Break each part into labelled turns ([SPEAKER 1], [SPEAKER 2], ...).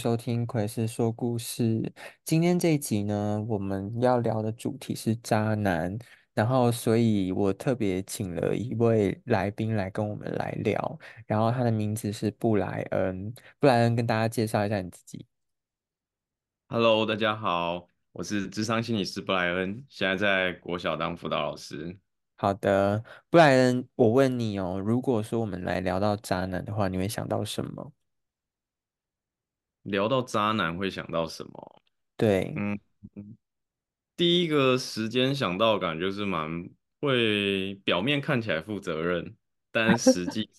[SPEAKER 1] 收聽奎斯說故事，今天這一集呢，我們要聊的主題是渣男，然後所以我特別請了一位來賓來跟我們來聊，然後他的名字是布萊恩，布萊恩跟大家介紹一下你自己。
[SPEAKER 2] 哈嘍，大家好，我是諮商心理師布萊恩，現在在國小當輔導老師。
[SPEAKER 1] 好的，布萊恩，我問你哦，如果說我們來聊到渣男的話，你會想到什麼？
[SPEAKER 2] 聊到渣男會想到什麼？
[SPEAKER 1] 對，嗯，
[SPEAKER 2] 第一個時間想到感覺就是蠻會表面看起來負責任，但實際上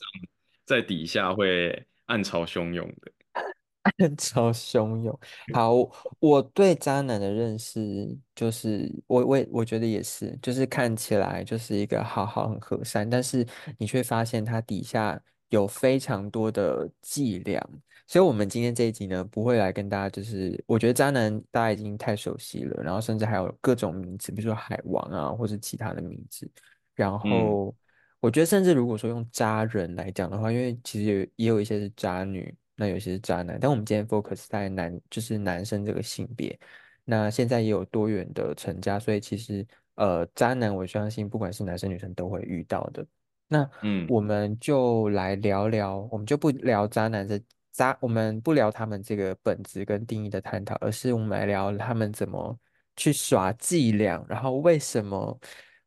[SPEAKER 2] 在底下會暗潮洶湧的。
[SPEAKER 1] 暗潮洶湧。好，我對渣男的認識就是，我我我覺得也是，就是看起來就是一個好好很和善，但是你卻發現他底下。有非常多的伎倆，所以我們今天這一集呢，不會來跟大家就是，我覺得渣男大家已經太熟悉了，然後甚至還有各種名字，比如說海王啊，或是其他的名字。然後、嗯、我覺得，甚至如果說用渣人來講的話，因為其實也有一些是渣女，那有些是渣男，但我們今天 focus 在男，就是男生這個性別。那現在也有多元成家，所以其實呃，渣男我相信不管是男生女生都會遇到的。那嗯，我們就來聊聊，嗯、我們就不聊渣男這渣，我們不聊他們這個本質跟定義的探討，而是我們來聊他們怎麼去耍伎倆，然後為什麼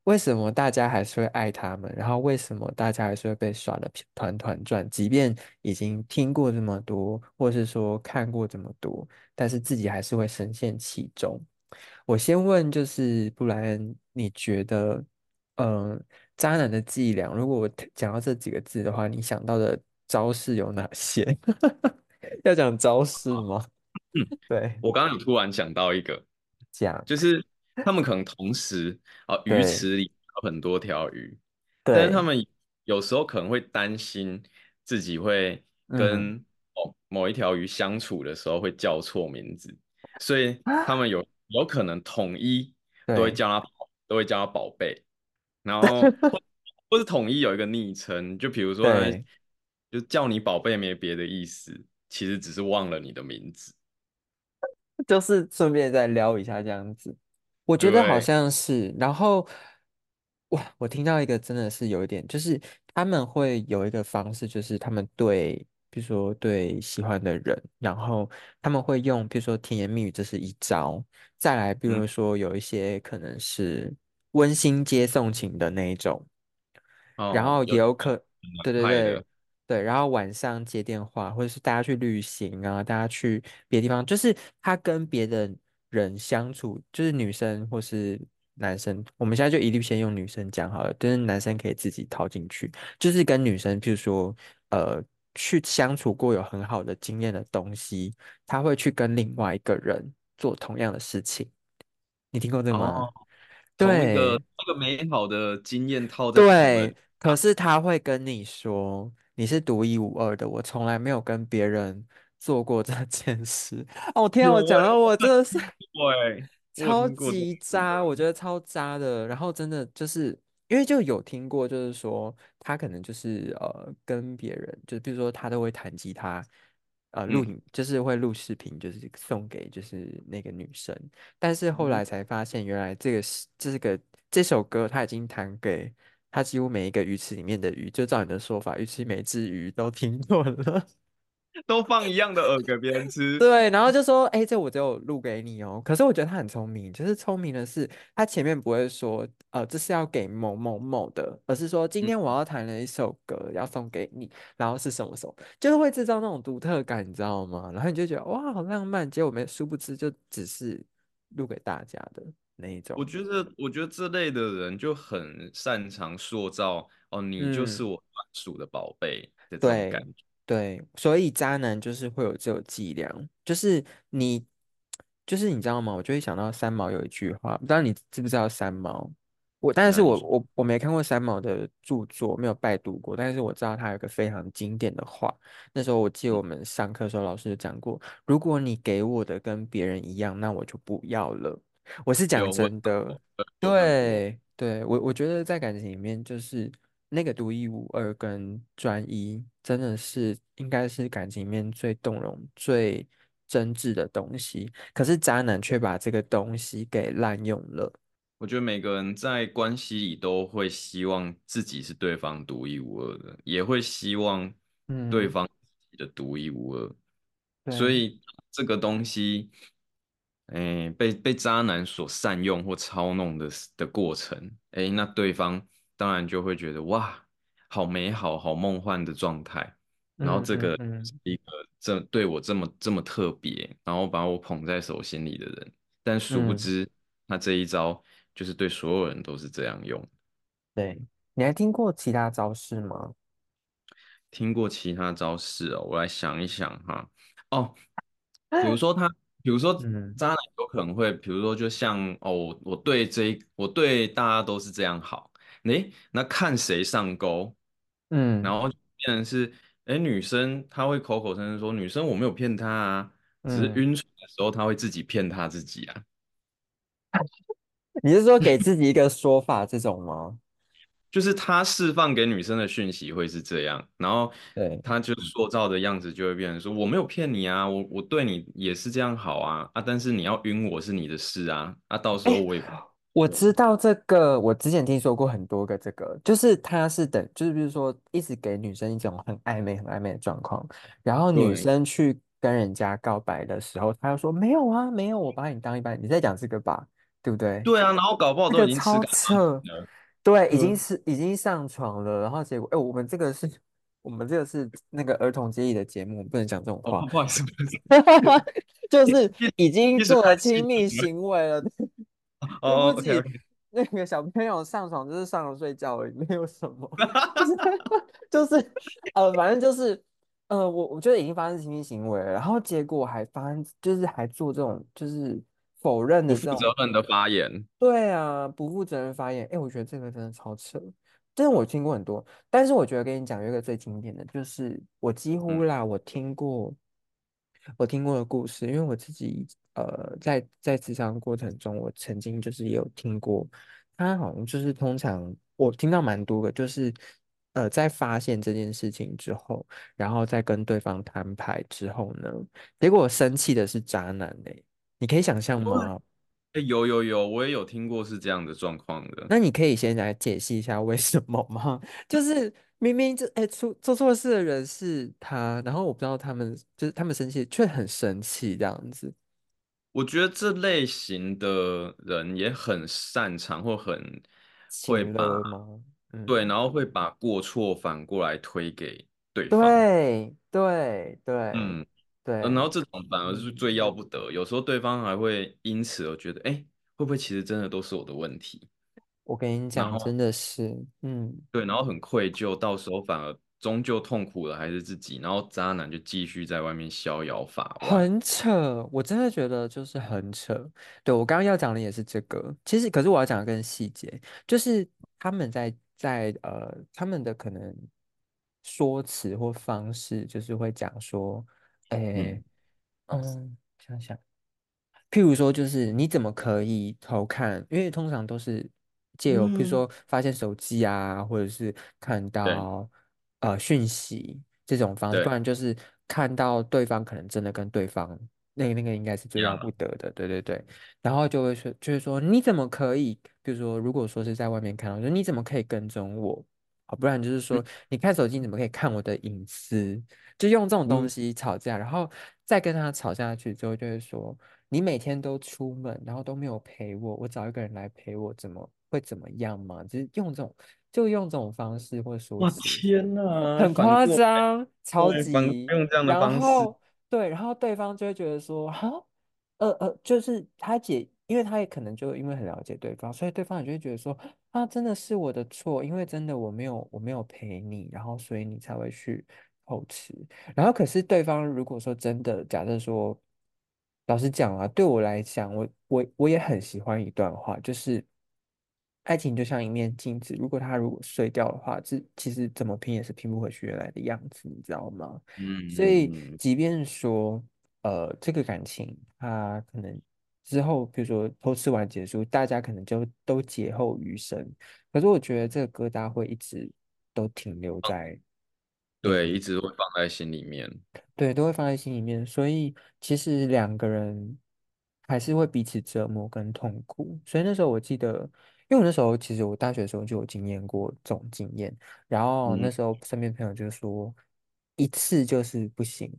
[SPEAKER 1] 為什麼大家還是會愛他們，然後為什麼大家還是會被耍得團團轉，即便已經聽過這麼多，或是說看過這麼多，但是自己還是會深陷其中。我先問，就是布萊恩，你覺得嗯？呃渣男的伎倆，如果我講到這幾個字的話，你想到的招式有哪些？ 要講招式嗎？嗯、對，我剛
[SPEAKER 2] 剛有突然想到一個，
[SPEAKER 1] 講對就是他們可能同時
[SPEAKER 2] 啊，魚池裡有很多條魚，對但是他們有時候可能會擔心自己會跟某、嗯、某一條魚相處的時候會叫錯名字，所以他們有、啊、有可能統一都會叫他對都會叫他寶貝。 然後或，或是統一有一個昵稱，就比如說，對就叫你寶貝，沒別的意思，其實只是忘了你的名字，
[SPEAKER 1] 就是順便再撩一下這樣子。我覺得好像是。對對，然後，哇，我聽到一個真的是有一點，就是他們會有一個方式，就是他們對，比如說對喜歡的人，嗯、然後他們會用，比如說甜言蜜語，這是一招。再來，比如說有一些可能是。溫馨接送情的那一種，哦、然後也有可、嗯、對對對，對，然後晚上接電話，或者是大家去旅行啊，大家去別的地方，就是他跟別的人相處，就是女生或是男生，我們現在就一律先用女生講好了，就是男生可以自己套進去，就是跟女生，譬如說，呃，去相處過有很好的經驗的東西，他會去跟另外一個人做同樣的事情，你聽過這個嗎？哦一對
[SPEAKER 2] 一個美好的經驗套的對，
[SPEAKER 1] 可是他會跟你說，你是獨一無二的，我從來沒有跟別人做過這件事。哦天啊，我講、欸、到我真的是對超級渣，我，我覺得超渣的。然後真的就是因為就有聽過，就是說他可能就是呃跟別人，就比如說他都會彈吉他。呃，錄影、嗯、就是會錄視頻，就是送給就是那個女生，但是後來才發現，原來這個是、嗯、這個這首歌，它已經彈給他幾乎每一個魚池裡面的魚，就照你的說法，魚池每隻魚都聽過了。
[SPEAKER 2] 都放一樣的餌給別人吃， 對，然後就
[SPEAKER 1] 說，哎、欸，這我只有錄給你哦。可是我覺得他很聰明，就是聰明的是他前面不會說，呃，這是要給某某某的，而是說今天我要彈了一首歌、嗯、要送給你，然後是什麼什麼，就是會製造那種獨特感，你知道嗎？然後你就覺得哇，好浪漫，結果沒殊不知就只是錄給大家的那一種。我
[SPEAKER 2] 覺得，我覺得這類的人就很擅長塑造，哦，你就是我專屬的寶貝、
[SPEAKER 1] 嗯、的這種感覺。對，所以渣男就是會有這種伎倆，就是你，就是你知道嗎？我就會想到三毛有一句話，不知道你知不知道三毛？我但是我我我沒看過三毛的著作，沒有拜讀過，但是我知道他有個非常經典的話。那時候我記得我們上課的時候，老師就講過：如果你給我的跟別人一樣，那我就不要了。我是講真的，對，對，我我覺得在感情裡面就是。那個獨一無二跟專一，真的是應該是感情裡面最動容、最真摯的東西。可是渣男卻把這個東西給濫用了。
[SPEAKER 2] 我覺得每個人在關係裡都會希望自己是對方獨一無二的，也會希望對方是自己的獨一無二。嗯，
[SPEAKER 1] 所以
[SPEAKER 2] 這個東西，哎，被被渣男所善用或操弄的的過程，哎，那對方。當然就會覺得哇，好美好，好夢幻的狀態。然後這個是一個這對我這麼這麼特別，然後把我捧在手心裡的人。但殊不知，嗯，他這一招就是對所有人都是這樣用。
[SPEAKER 1] 對，你還聽過其他招式嗎？
[SPEAKER 2] 聽過其他招式哦，我來想一想哈。哦，
[SPEAKER 1] 比如說他，
[SPEAKER 2] 比如說渣男有可能會，嗯，比如說就像哦，我對這一，我對大家都是這樣好。哎，那看誰上鈎，嗯，然後就變成是，誒，女生她會口口聲聲說，女生我沒有騙她啊，嗯、
[SPEAKER 1] 只是暈
[SPEAKER 2] 船的時候，她會自己騙她自己啊。
[SPEAKER 1] 你是說給自己一個說法 這種嗎？
[SPEAKER 2] 就是他釋放給女生的訊息會是這樣，然後對，他就塑造的樣子就會變成說，對我沒有騙你啊，我我對你也是這樣好啊，啊，但是你要暈我是你的事啊，啊，到時候我也。
[SPEAKER 1] 我知道這個，我之前聽說過很多個。這個就是他是等，就是比如說，一直給女生一種很曖昧、很曖昧的狀況，然後女生去跟人家告白的時候，對他又說沒有啊，沒有，我把你當一般。你在講這個吧，對不對？對啊，這個、然後搞不好都已經、嗯、對，已經是已經上床了，然後結果，哎，我們這個是我們這個是那個兒童節目的節目，不能講這種話，不好意思，不好意思，就是已經做了親密行為了。 而且，那個小朋友上床就是上床睡覺，沒有什麼， 就是就是呃，反正就是呃，我我覺得已經發生親密行為了，然後結果還發生，就是還做這種，就是否認的這種，不
[SPEAKER 2] 負責任的發言，
[SPEAKER 1] 對啊，不負責任發言，哎，我覺得這個真的超扯，真的我聽過很多，但是我覺得跟你講有一個最經典的就是，我幾乎啦，嗯、我聽過。我聽過的故事，因為我自己呃，在在職場過程中，我曾經就是也有聽過，他好像就是通常我聽到蠻多的，就是呃，在發現這件事情之後，然後在跟對方攤牌之後呢，結果我生氣的是渣男嘞、欸，你可以想象嗎？哎、
[SPEAKER 2] 欸，有有有，我也有聽過是這樣的狀況
[SPEAKER 1] 的，那你可以先來解析一下為什麼嗎？就是。明明就，哎，出做，做錯事的人是他，然後我不知道他們就是他們生氣卻很生氣這樣子。
[SPEAKER 2] 我覺得這類型的人也很擅長或很會把，嗯、對，然後會把過錯反過來推給對方。
[SPEAKER 1] 對對對，嗯對，對嗯對，然
[SPEAKER 2] 後這種反而是最要不得，嗯、有時候對方還會因此而覺得，哎，會不會其實真的都是我的問題？
[SPEAKER 1] 我跟你講，真的是，後嗯，
[SPEAKER 2] 對，然後很愧疚，到時候反而終究痛苦的還是自己，然後渣男就繼續在外面逍遙法
[SPEAKER 1] 外，很扯，我真的覺得就是很扯。對，我剛剛要講的也是這個，其實可是我要講的更細節，就是他們在在呃他們的可能說辭或方式，就是會講說，哎、欸，嗯，嗯想想，譬如說就是你怎麼可以偷看？因為通常都是。借由比如說發現手機啊，嗯、或者是看到對、呃、訊息這種方式，對不然就是看到對方可能真的跟對方對那個、那個應該是最要不得的，嗯、對對對。然後就會說，就是說你怎麼可以，比如說如果說是在外面看到，就是、你怎麼可以跟蹤我？不然就是說你看手機你怎麼可以看我的隱私？嗯、就用這種東西吵架，然後再跟他吵下去之後就，就會說你每天都出門，然後都沒有陪我，我找一個人來陪我怎麼？會怎麼樣嗎？就是用這種，就用這種方式會，或者說，哇，天吶，很誇張，超級用這樣的方式，然後對，然後對方就會覺得說，好，呃呃，就是他姐，因為他也可能就因為很了解對方，所以對方也就會覺得說，啊，真的是我的錯，因為真的我沒有，我沒有陪你，然後所以你才會去偷吃，然後可是對方如果說真的，假設說，老實講啊，對我來講，我我我也很喜歡一段話，就是。愛情就像一面鏡子，如果它如果碎掉的話，這其實怎麼拼也是拼不回去原來的樣子，你知道嗎？嗯，所以即便說，呃，這個感情它、啊、可能之後，比如說偷吃完結束，大家可能就都劫後餘生，可是我覺得這個疙瘩會一直都停留在，對，
[SPEAKER 2] 一直會放在心裡面，
[SPEAKER 1] 對，都會放在心裡面，所以其實兩個人還是會彼此折磨跟痛苦，所以那時候我記得。因為我那時候其實我大學的時候就有經驗過這種經驗，然後那時候身邊朋友就說，一次就是不行，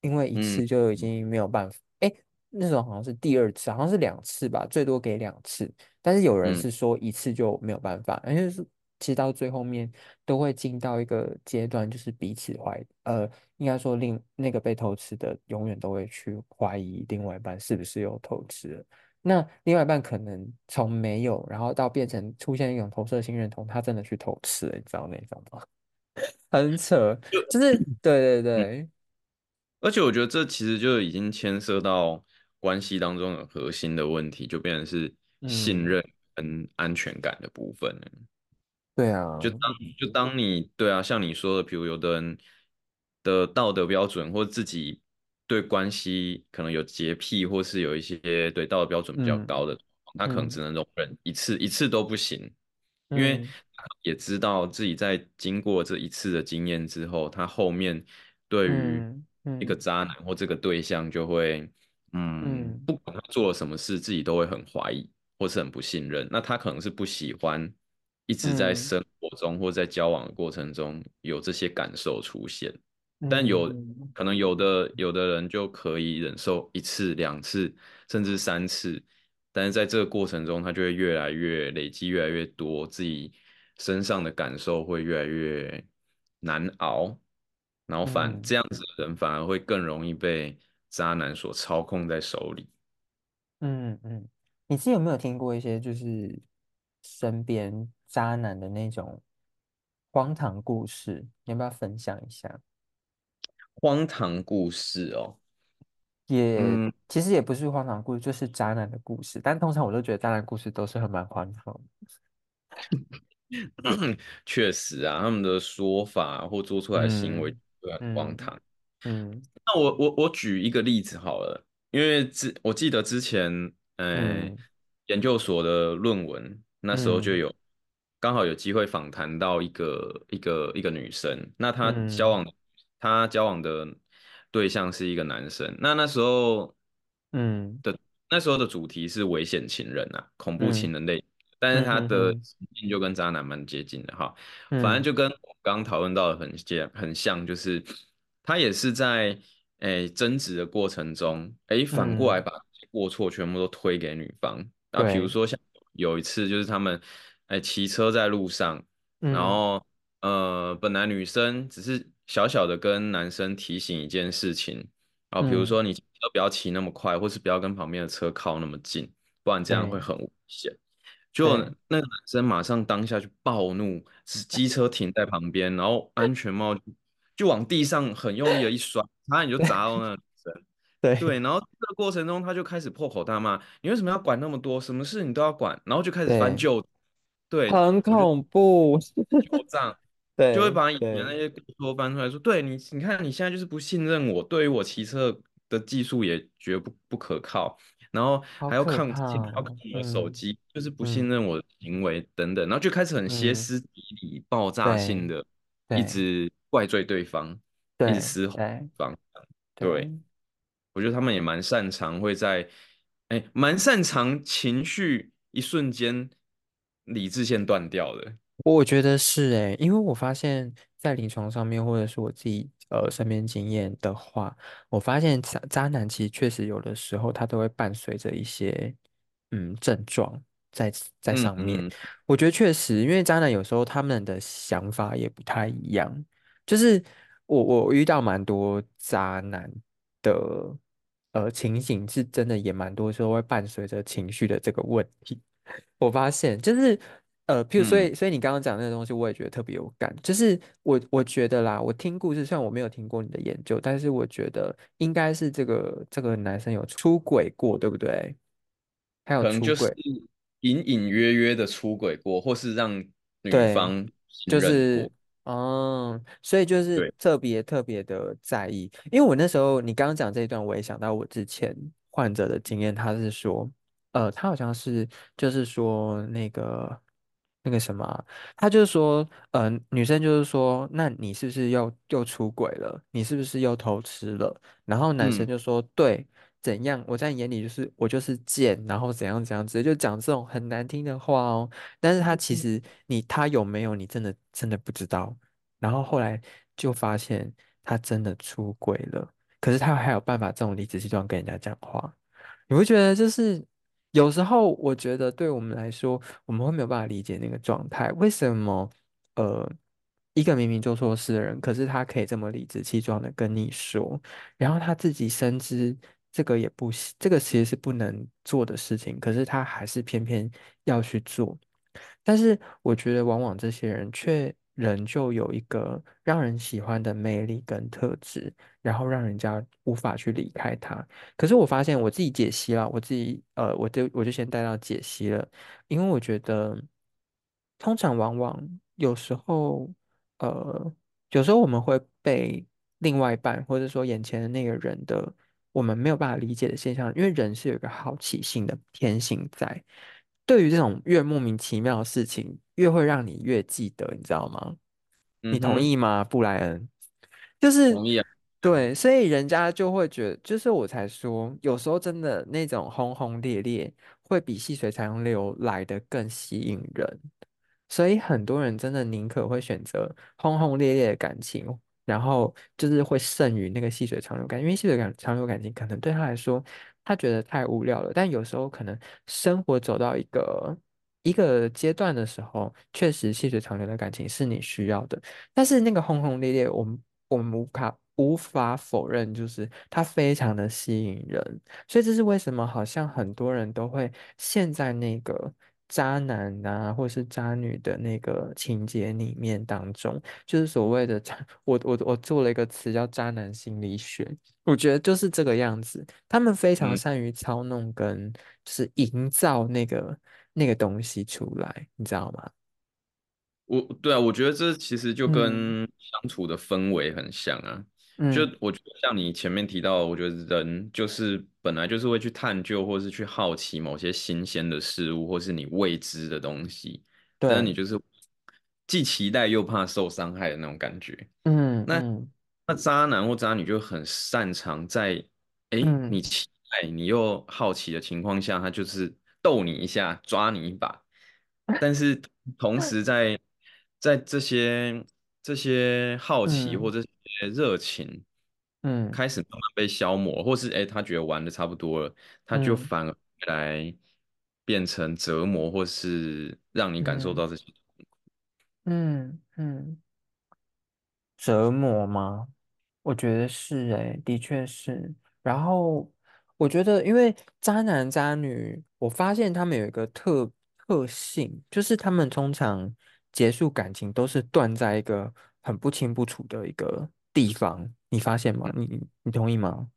[SPEAKER 1] 因為一次就已經沒有辦法。哎、嗯，那時候好像是第二次，好像是兩次吧，最多給兩次。但是有人是說一次就沒有辦法，嗯、而且就是直到最後面都會進到一個階段，就是彼此懷呃，應該說另那個被偷吃的永遠都會去懷疑另外一半是不是有偷吃的那另外一半可能從沒有，然後到變成出現一種投射性認同，他真的去偷吃，你知道那種嗎？很扯，就，就是對對對。
[SPEAKER 2] 而且我覺得這其實就已經牽涉到關係當中的核心的問題，就變成是信任跟安全感的部分了。嗯，
[SPEAKER 1] 對啊，就
[SPEAKER 2] 當就當你對啊，像你說的，比如有的人的道德標準或自己。對關係可能有潔癖，或是有一些對道德標準比較高的，那、嗯、可能只能容忍一次，嗯、一次都不行，因為他也知道自己在經過這一次的經驗之後，他後面對於一個渣男或這個對象就會，嗯，嗯，嗯，不管他做了什麼事，自己都會很懷疑或是很不信任。那他可能是不喜歡一直在生活中或在交往的過程中有這些感受出現。但有可能有的有的人就可以忍受一次兩次甚至三次，但是在這個過程中，他就會越來越累積越來越多自己身上的感受，會越來越難熬。然後反這樣子的人反而會更容易被渣男所操控在手裡。
[SPEAKER 1] 嗯嗯，你自己有沒有聽過一些就是身邊渣男的那種荒唐故事？你要不要分享一下？荒唐故事哦，也其實也不是荒唐故事，嗯、就是渣男的故事。但通常我都覺得渣男故事都是很蠻荒唐的。
[SPEAKER 2] 確實啊，他們的說法或做出來的行為都很荒唐。嗯，嗯嗯，那我我我舉一個例子好了，因為之我記得之前，欸、嗯，研究所的論文那時候就有，嗯、剛好有機會訪談到一個一個一個女生，那她交往的、嗯。他交往的對象是一個男生，那那時候，嗯，的那時候的主題是危險情人啊，恐怖情人類。嗯、但是他的神經就跟渣男蠻接近的哈，嗯嗯、反正就跟我剛剛討論到的很接很像，嗯、就是他也是在哎、欸、爭執的過程中，哎、欸、反過來把過錯全部都推給女方，啊、嗯，比如說像有一次就是他們哎騎、欸、車在路上，嗯、然後呃本來女生只是。小小的跟男生提醒一件事情啊，比如說你不要騎那麼快，或是不要跟旁邊的車靠那麼近，不然這樣會很危險。就那個男生馬上當下就暴怒，是機車停在旁邊，然後安全帽就往地上很用力的一摔，差點就砸到那個女生。對對，然後這個過程中他就開始破口大罵：“你為什麼要管那麼多？什麼事你都要管？”然後就開始翻舊，對，
[SPEAKER 1] 很恐怖，
[SPEAKER 2] 舊賬。對對，就會把以前那些說翻出來說，對，對你，你看你現在就是不信任我，對於我騎車的技術也絕不不可靠，然後還要看，靠還要看我的手機，對就是不信任我的行為等等，然後就開始很歇斯底里、對爆炸性的，對一直怪罪對方，對一直撕，對，對，對我覺得他們也蠻擅長，會在，哎、欸，蠻擅長情緒一瞬間理智線斷掉的。
[SPEAKER 1] 我覺得是哎、欸，因為我發現，在臨床上面，或者是我自己呃身邊經驗的話，我發現渣渣男其實確實有的時候他都會伴隨着一些嗯症狀在在上面。嗯嗯我覺得確實，因為渣男有時候他們的想法也不太一樣，就是我我遇到蠻多渣男的呃情形，是真的也蠻多時候會伴隨着情緒的這個問題。我發現就是。呃，譬如，所以，嗯、所以你剛剛講的那個東西，我也覺得特別有感。就是我，我覺得啦，我聽故事，雖然我沒有聽過你的研究，但是我覺得應該是這個這個男生有出軌過，對不對？他有出軌，
[SPEAKER 2] 隱隱約約的出軌過，或是讓女方對方
[SPEAKER 1] 就是嗯、哦，所以就是特別特別的在意。對因為我那時候你剛剛講這一段，我也想到我之前患者的經驗，他是說，呃，他好像是就是說那個。那個什麼、啊，他就是說，嗯、呃，女生就是說，那你是不是又又出軌了？你是不是又偷吃了？然後男生就說，嗯、對，怎樣？我在你眼裡就是我就是賤，然後怎樣怎樣，直接就講這種很難聽的話哦。但是他其實、嗯、你他有沒有你真的真的不知道。然後後來就發現他真的出軌了，可是他還有辦法這種理直氣壯跟人家講話，你會覺得就是？有時候我覺得，對我們來說，我們會沒有辦法理解那個狀態。為什麼，呃，一個明明做錯事的人，可是他可以這麼理直氣壯的跟你說，然後他自己深知這個也不行，這個其實是不能做的事情，可是他還是偏偏要去做。但是我覺得，往往這些人卻，人就有一個讓人喜歡的魅力跟特質，然後讓人家無法去離開他。可是我發現我自己解析了，我自己呃，我就我就先帶到解析了，因為我覺得通常往往有時候呃，有時候我們會被另外一半或者說眼前的那個人的我們沒有辦法理解的現象，因為人是有一個好奇心的天性在。對於這種越莫名其妙的事情，越會讓你越記得，你知道嗎？嗯、哼你同意嗎，布萊恩？就是同意啊。對，所以人家就會覺得，就是我才說，有時候真的那種轟轟烈烈，會比細水長流來得更吸引人。所以很多人真的寧可會選擇轟轟烈烈的感情，然後就是會勝於那個細水長流感，因為細水長流感情可能對他來說。他覺得太無聊了，但有時候可能生活走到一個一個階段的時候，確實細水長流的感情是你需要的。但是那個轟轟烈烈，我們我們無法無法否認，就是他非常的吸引人。所以這是為什麼，好像很多人都會陷在那個。渣男啊，或是渣女的那個情節裡面當中，就是所謂的渣。我我我做了一個詞叫“渣男心理學”，我覺得就是這個樣子。他們非常善於操弄跟，嗯、就是營造那個那個東西出來，你知道嗎？
[SPEAKER 2] 我對啊，我覺得這其實就跟相處的氛圍很像啊。嗯就我覺得像你前面提到，我覺得人就是本來就是會去探究，或是去好奇某些新鮮的事物，或是你未知的東西。對，但是你就是既期待又怕受傷害的那種感覺。嗯，那那渣男或渣女就很擅長在哎、欸，你期待你又好奇的情況下，他就是逗你一下，抓你一把。但是同時在在這些這些好奇或者。熱情，嗯，開始慢慢被消磨，嗯、或是哎、欸，他覺得玩的差不多了，嗯、他就反而來變成折磨，或是讓你感受到這些嗯。嗯嗯，
[SPEAKER 1] 折磨嗎？我覺得是哎、欸，的確是。然後我覺得，因為渣男渣女，我發現他們有一個特特性，就是他們通常結束感情都是斷在一個很不清不楚的一個。地方，你發現嗎？你你同意嗎？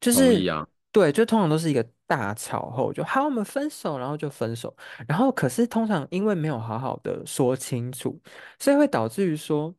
[SPEAKER 1] 就是、啊、對，就通常都是一個大吵後，就好，我們分手，然後就分手，然後可是通常因為沒有好好的說清楚，所以會導致於說，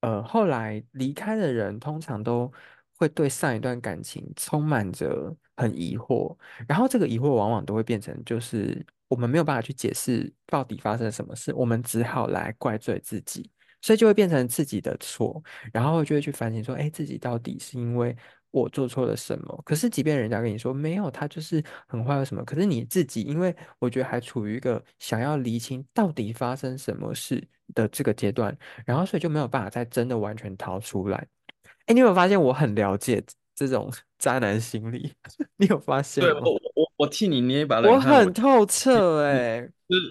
[SPEAKER 1] 呃，後來離開的人通常都會對上一段感情充滿着很疑惑，然後這個疑惑往往都會變成就是我們沒有辦法去解釋到底發生了什麼事，我們只好來怪罪自己。所以就會變成自己的錯，然後就會去反省說：“哎、欸，自己到底是因為我做錯了什麼？”可是即便人家跟你說沒有，他就是很壞為什麼。可是你自己，因為我覺得還處於一個想要釐清到底發生什麼事的這個階段，然後所以就沒有辦法再真的完全逃出來。哎、欸，你有沒有發現我很了解這種渣男心理？ 你有發現嗎？對我，
[SPEAKER 2] 我我替你捏一把冷汗，我很
[SPEAKER 1] 透徹哎、欸，就
[SPEAKER 2] 是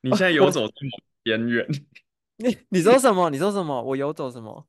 [SPEAKER 1] 你現在游走這麼邊緣。哦 你你說什麼？你說什麼？我游走什麼？